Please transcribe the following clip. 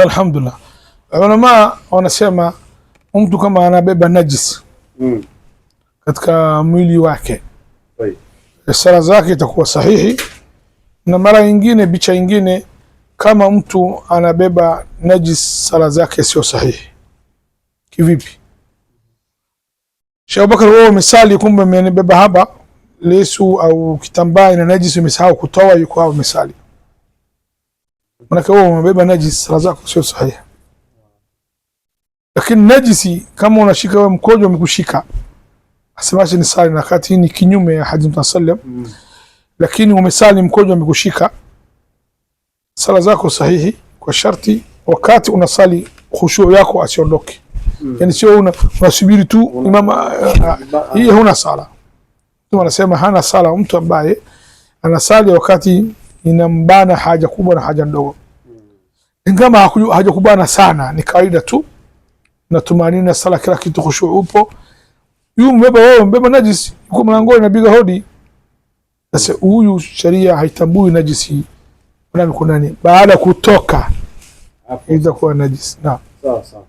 Alhamdulillah, ulama wanasema mtu kama anabeba najis mm. katika mwili wake sala zake itakuwa sahihi, na mara nyingine bicha nyingine, kama mtu anabeba najis sala zake sio sahihi. Kivipi? Sheikh Abubakar, wewe umesali kumbe umenibeba hapa lesu au kitambaa ina najis, umesahau kutoa, yuko hapo umesali manake wewe umebeba najisi, sala zako sio sahihi. Lakini najisi kama unashika wewe, mkojo umekushika, asemaje ni sali, na wakati ni kinyume ya hadithi ya sallam, lakini umesali mkojo umekushika, sala zako sahihi kwa sharti wakati unasali khushu yako asiondoke. Mm. Yani sio una, unasubiri tu imama ah, ah, ah. hii uh, huna sala. Mtu anasema hana sala mtu ambaye anasali wakati inambana haja kubwa na haja ndogo ingawa hajakubana sana, ni kawaida tu na sala, kila kitu, kushu upo. Yu mbeba wewe, mbeba najisi, yuko mlangoni napiga hodi. Sasa huyu sheria haitambui najisi nani kwa nani, baada kutoka kuwa najisi. Naam, sawa sawa.